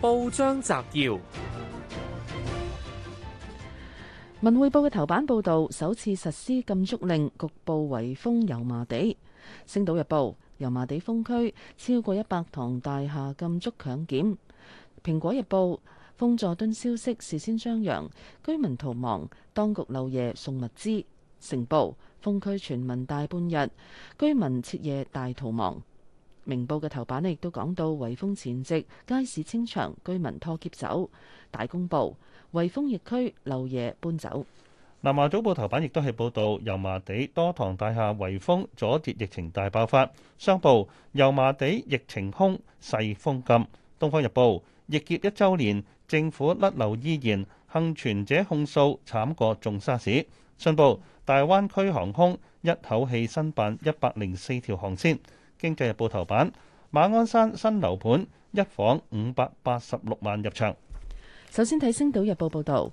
報章摘要：《文匯報》嘅頭版報道，首次實施禁足令，局部圍封油麻地。《星島日報》：油麻地封區，超過一百幢大廈禁足強檢。《蘋果日報》：封佐敦消息事先張揚，居民逃亡，當局漏夜送物資。《成報》：封區全民大半日，居民徹夜大逃亡。明報嘅頭版亦都講到圍封前夕，街市清場，居民拖篋走。大公報，圍封疫區，漏夜搬走。南華早報頭版亦都係報道油麻地多幢大廈圍封阻截，疫情大爆發。商報，油麻地疫情空細封禁。東方日報，疫劫一週年，政府甩漏依然，幸存者控訴慘過重沙士。信報，大灣區航空一口氣申辦一百零四條航線。《經濟日報》頭版，馬鞍山新樓盤一房五百八十六萬入場。首先睇《星島日報》報道。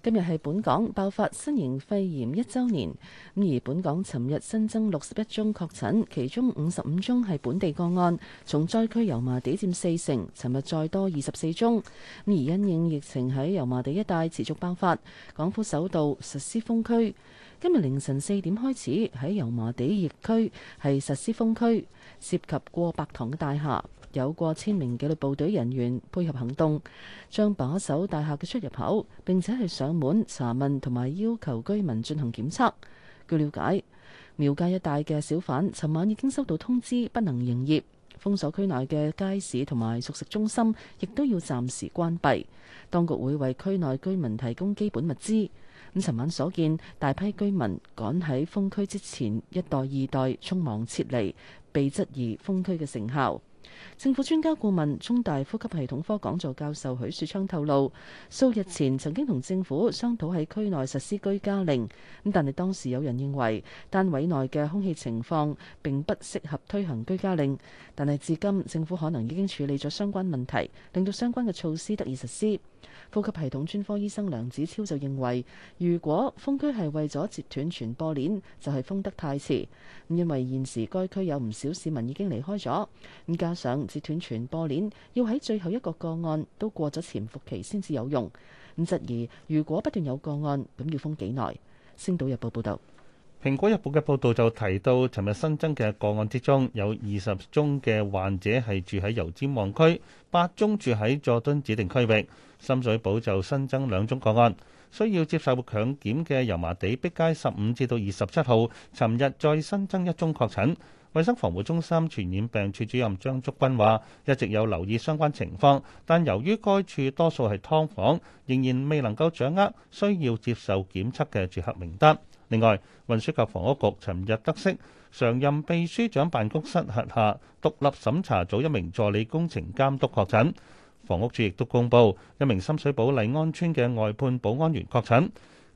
今日係本港爆發新型肺炎一週年，而本港尋日新增六十一宗確診，其中五十五宗係本地個案。重災區油麻地佔四成，尋日再多二十四宗，而因應疫情喺油麻地一帶持續爆發，港府首度實施封區。今日凌晨四點開始喺油麻地疫區係實施封區，涉及過百幢嘅大廈。有過千名紀律部隊人員配合行動，將把守大廈嘅出入口，並且係上門查問同埋要求居民進行檢測。據了解，廟街一帶嘅小販，尋晚已經收到通知不能營業，封鎖區內嘅街市同埋熟食中心亦都要暫時關閉。當局會為區內居民提供基本物資。咁尋晚所見，大批居民趕喺封區之前一袋、二袋，匆忙撤離，被質疑封區嘅成效。政府專家顧問、中大呼吸系統科講座教授許樹昌透露，數日前曾經同政府商討喺區內實施居家令，咁但係當時有人認為單位內嘅空氣情況並不適合推行居家令，但係至今政府可能已經處理咗相關問題，令到相關嘅措施得以實施。呼吸系統專科醫生梁子超就認為，如果封區係為咗截斷傳播鏈，就係封得太遲。因為現時該區有唔少市民已經離開咗，咁加上截斷傳播鏈要喺最後一個個案都過咗潛伏期先至有用，咁質疑如果不斷有個案，咁要封幾耐？星島日報報道。《蘋果日報》嘅報道就提到，尋日新增嘅個案之中，有二十宗嘅患者係住喺油尖旺區，八宗住喺佐敦指定區域，深水埗就新增兩宗個案，需要接受強檢嘅油麻地碧街十五至到二十七號，尋日再新增一宗確診。衛生防護中心傳染病處主任張竹君話，一直有留意相關情況，但由於該處多數係劏房，仍然未能夠掌握需要接受檢測嘅住客名單。另外，運輸及房屋局尋日得悉，常任秘書長辦公室轄下獨立審查組一名助理工程監督確診，房屋署亦都公布一名深水埗麗安邨嘅外判保安員確診。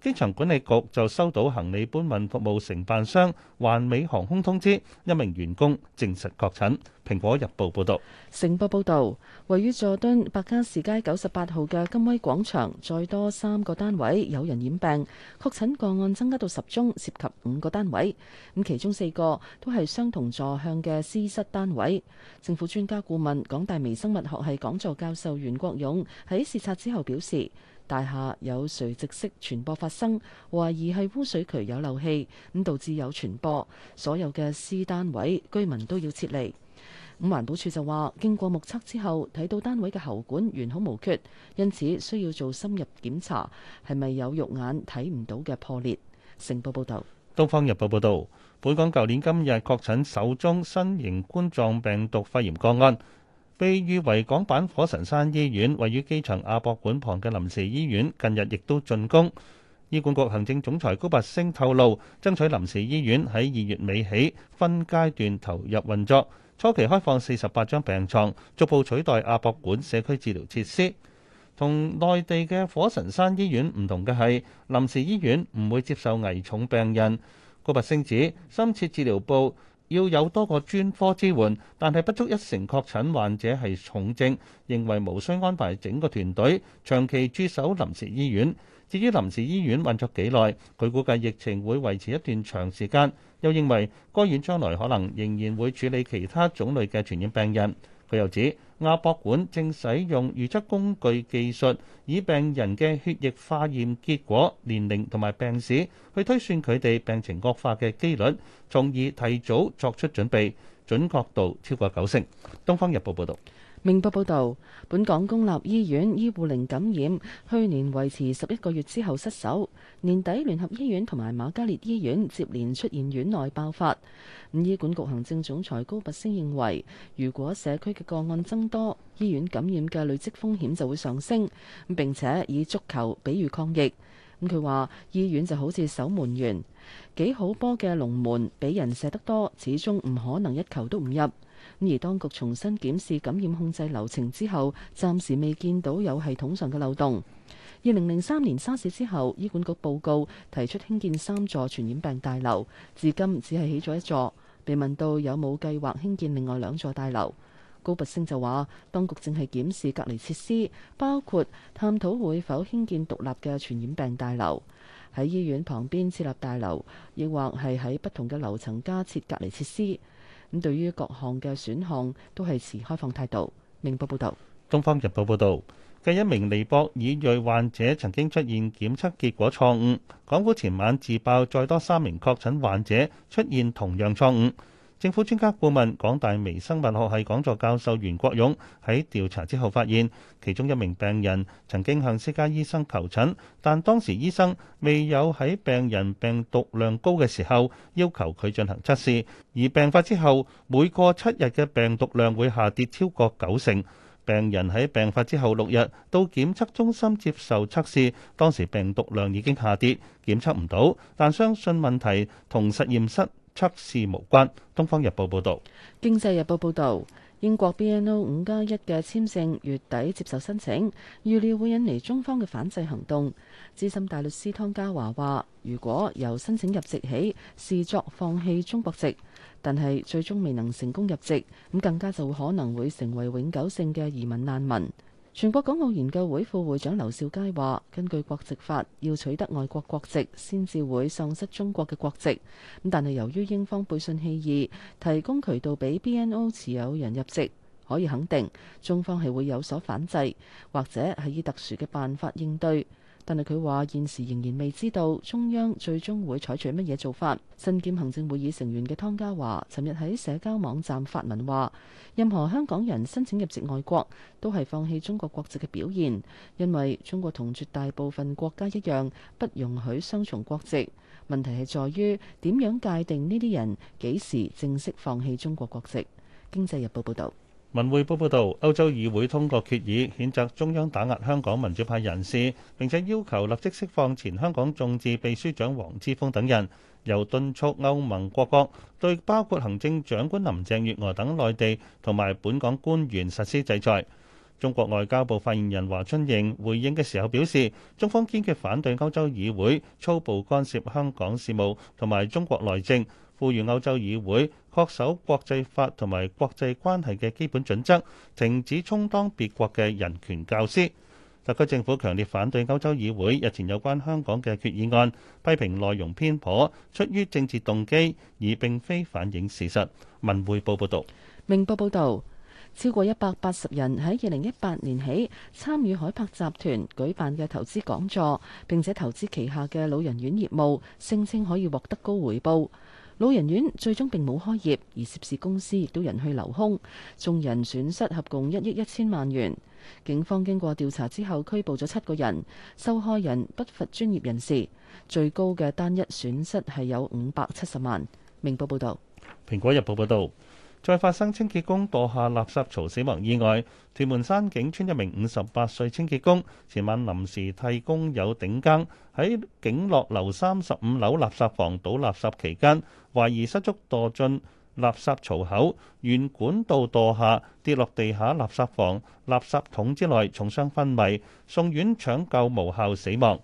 機場管理局就收到行李搬運服務承辦商環美航空通知，一名員工證實確診。蘋果日報報道，成報報道，位於佐敦白加士街九十八號嘅金威廣場，再多三個單位有人染病，確診個案增加到十宗，涉及五個單位。咁其中四個都係相同座向嘅私室單位。政府專家顧問、港大微生物學系講座教授袁國勇喺視察之後表示，大廈有垂直式傳播發生，懷疑係污水渠有漏氣，咁導致有傳播。所有嘅私單位居民都要撤離。咁環保署就話，經過目測之後，睇到單位嘅喉管完好無缺，因此需要做深入檢查，係咪有肉眼睇唔到嘅破裂？成報報道。《東方日報》報道，本港舊年今日確診首宗新型冠狀病毒肺炎個案。被譽為港版火神山醫院，位於機場亞博館旁嘅臨時醫院，近日亦都竣工。醫管局行政總裁高拔昇透露，爭取臨時醫院喺二月尾起分階段投入運作，初期開放四十八張病床，逐步取代亞博館社區治療設施。同內地嘅火神山醫院唔同嘅係，臨時醫院唔會接受危重病人。高拔昇指深切治療部，要有多個專科支援，但係不足一成確診患者係重症，認為無需安排整個團隊，長期駐守臨時醫院。至於臨時醫院運作幾耐，佢估計疫情會維持一段長時間，又認為該院將來可能仍然會處理其他種類嘅傳染病人。佢又指，亞博館正使用預測工具技術，以病人嘅血液化驗結果、年齡同埋病史去推算佢哋病情惡化嘅機率，從而提早作出準備，準確度超過九成。《東方日報》報道。明報報道，本港公立醫院醫護零感染，去年維持十一個月之後失守。年底聯合醫院同埋瑪嘉烈醫院接連出現院內爆發。醫管局行政總裁高拔昇認為，如果社區嘅個案增多，醫院感染嘅累積風險就會上升。咁並且以足球比喻抗疫，咁佢話醫院就好似守門員，幾好波嘅龍門俾人射得多，始終唔可能一球都唔入。而當局重新檢視感染控制流程之後，暫時未見到有系統上嘅漏洞。二零零三年沙士之後，醫管局報告提出興建三座傳染病大樓，至今只係起咗一座。被問到有冇計劃興建另外兩座大樓，高拔陞就話：當局正係檢視隔離設施，包括探討會否興建獨立嘅傳染病大樓，喺醫院旁邊設立大樓，亦或係喺不同嘅樓層加設隔離設施。咁對於各項嘅選項都係持開放態度。明報報道：「東方日報報道，另一名尼泊爾裔患者曾經出現檢測結果錯誤，港府前晚自爆再多三名確診患者出現同樣錯誤。政府專家顧問、港大微生物學系講座教授袁國勇喺調查之後發現，其中一名病人曾經向私家醫生求診，但當時醫生未有喺病人病毒量高嘅時候要求佢進行測試。而病發之後，每過七日嘅病毒量會下跌超過九成。病人喺病發之後六日到檢測中心接受測試，當時病毒量已經下跌，檢測唔到。但相信問題同實驗室測試無關。東方日報報道。經濟日報報道，英國 BNO 五加一嘅簽證月底接受申請，預料會引嚟中方嘅反制行動。資深大律師湯家華話，如果由申請入籍起視作放棄中國籍，但係最終未能成功入籍，咁更加就可能會成為永久性嘅移民難民。全國港澳研究會副會長劉兆佳話：根據國籍法，要取得外國國籍，先至會喪失中國嘅國籍。咁但係由於英方背信棄義，提供渠道俾 BNO 持有人入籍，可以肯定中方係會有所反制，或者係以特殊嘅辦法應對。但係佢話現時仍然未知道中央最終會採取乜嘢做法。身兼行政會議成員嘅湯家驊，尋日喺社交網站發文話：任何香港人申請入籍外國，都係放棄中國國籍嘅表現，因為中國同絕大部分國家一樣，不容許雙重國籍。問題係在於點樣界定呢啲人幾時正式放棄中國國籍。經濟日報報導。文匯報報導，歐洲議會通過決議，譴責中央打壓香港民主派人士，並且要求立即釋放前香港眾志秘書長黃之鋒等人，又敦促歐盟各國對包括行政長官林鄭月娥等內地同埋本港官員實施制裁。中國外交部發言人華春瑩回應嘅時候表示，中方堅決反對歐洲議會粗暴干涉香港事務同埋中國內政。呼籲歐洲議會，恪守國際法同埋國際關係嘅基本準則，停止充當別國嘅人權教師。特區政府強烈反對歐洲議會日前有關香港嘅決議案，批評內容偏頗，出於政治動機，而並非反映事實。文匯報報道。明報報道，超過一百八十人喺二零一八年起參與海柏集團舉辦嘅投資講座，並且投資旗下嘅老人院業務，聲稱可以獲得高回報。老人院最終並冇開業，而涉事公司亦都人去樓空，眾人損失合共一億一千萬元。警方經過調查之後，拘捕咗七個人，受害人不乏專業人士，最高嘅單一損失係有五百七十萬。明報報道。蘋果日報報道。再發生清潔工墮下垃圾槽死亡意外。屯門山景村一名五十八歲清潔工前晚臨時替工友頂更，喺景樂樓三十五樓垃圾房倒垃圾期間，懷疑失足墮進垃圾槽口，沿管道墮下，跌落地下垃圾房垃圾桶之內，重傷昏迷，送院搶救無效死亡。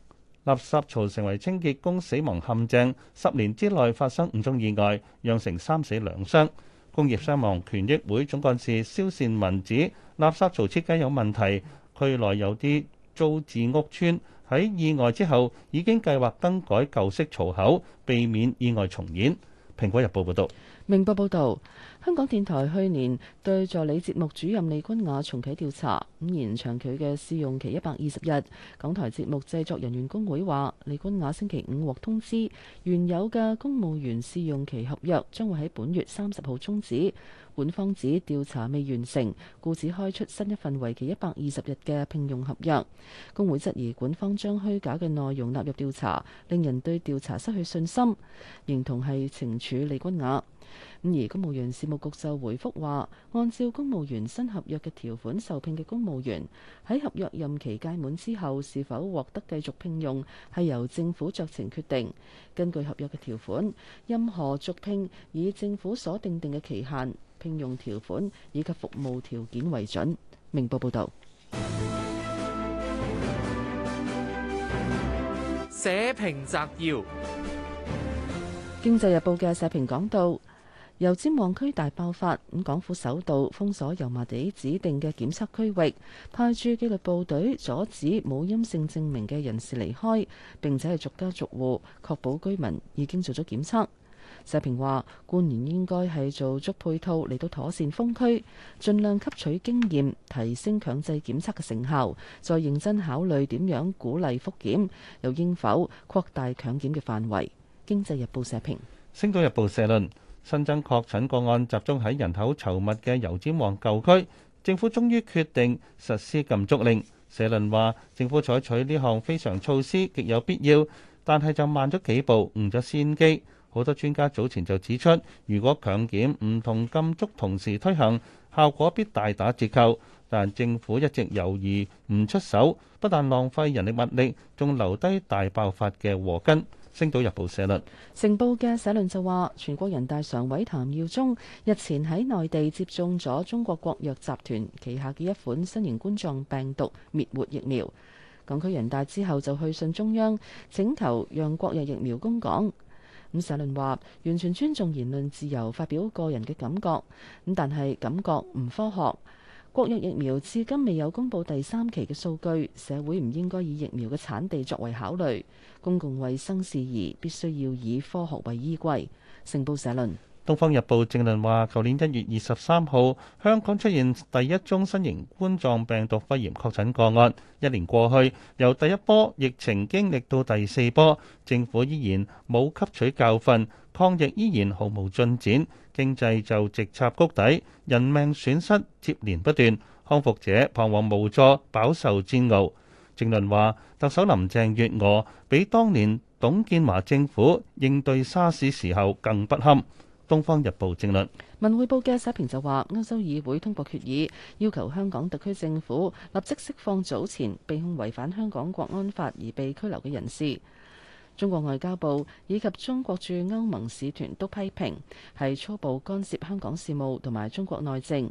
垃圾槽成為清潔工死亡陷阱，十年之內發生五宗意外，釀成三死兩傷。工業傷亡權益會總幹事蕭善文指垃圾槽設計有問題，區內有啲租置屋邨喺意外之後已經計劃更改舊式槽口，避免意外重演。《蘋果日報》報導，《明報》報導。香港電台去年對助理節目主任李君雅重啟調查，五延長佢嘅試用期一百二十日。港台節目製作人員工會話：李君雅星期五獲通知，原有嘅公務員試用期合約將會喺本月三十號終止。管方指調查未完成，故此開出新一份為期一百二十日嘅聘用合約。工會質疑管方將虛假嘅內容納入調查，令人對調查失去信心，認同係懲處李君雅。咁而公務員事務局就回覆話：按照公務員新合約嘅條款，受聘嘅公務員喺合約任期屆滿之後，是否獲得繼續聘用，係由政府酌情決定。根據合約嘅條款，任何續聘以政府所訂定嘅期限、聘用條款以及服務條件為準。明報報導。社評摘要：經濟日報嘅社評講到。油尖旺區大爆發，咁港府首度封鎖油麻地指定嘅檢測區域，派駐紀律部隊阻止冇陰性證明嘅人士離開，並且係逐家逐戶確保居民已經做咗檢測。社評話：官員應該係做足配套嚟到妥善封區，盡量吸取經驗，提升強制檢測嘅成效，再認真考慮點樣鼓勵復檢，又應否擴大強檢嘅範圍。經濟日報社評，星島日報社論。新增確診個案集中喺人口稠密嘅油尖旺舊區，政府終於決定實施禁足令。社論話政府採取呢項非常措施極有必要，但係就慢咗幾步，誤咗先機。好多專家早前就指出，如果強檢唔同禁足同時推行，效果必大打折扣。但政府一直猶豫唔出手，不但浪費人力物力，仲留低大爆發嘅禍根。星島日報》社論，成報嘅社論就話，全國人大常委譚耀宗日前喺內地接種咗中國國藥集團旗下嘅一款新型冠狀病毒滅活疫苗，港區人大之後就去信中央，請求讓國藥疫苗供港。咁社論話，完全尊重言論自由，發表個人嘅感覺。咁但係感覺唔科學。國藥疫苗至今未有公布第三期嘅數據，社會唔應該以疫苗嘅產地作為考慮。公共衛生事宜必須要以科學為依歸。成報社論。《東方日報》正論話：去年一月二十三號，香港出現第一宗新型冠狀病毒肺炎確診個案。一年過去，由第一波疫情經歷到第四波，政府依然冇吸取教訓，抗疫依然毫無進展，經濟就直插谷底，人命損失接連不斷，康復者彷徨無助，飽受煎熬。正論話：特首林鄭月娥比當年董建華政府應對沙士時候更不堪。《東方日報》政論，文匯報》嘅社評就話：歐洲議會通過決議，要求香港特區政府立即釋放早前被控違反香港國安法而被拘留嘅人士。中國外交部以及中國駐歐盟使團都批評係粗暴干涉香港事務同埋中國內政。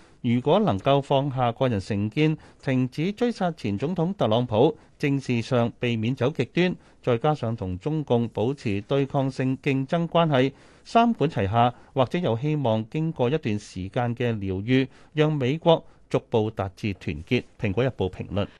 如果能夠放下個人成見，停止追殺前總統特朗普，政治上避免走極端，再加上同中共保持對抗性競爭關係，三管齊下，或者有希望經過一段時間嘅療愈，讓美國逐步達至團結。《蘋果日報》評論。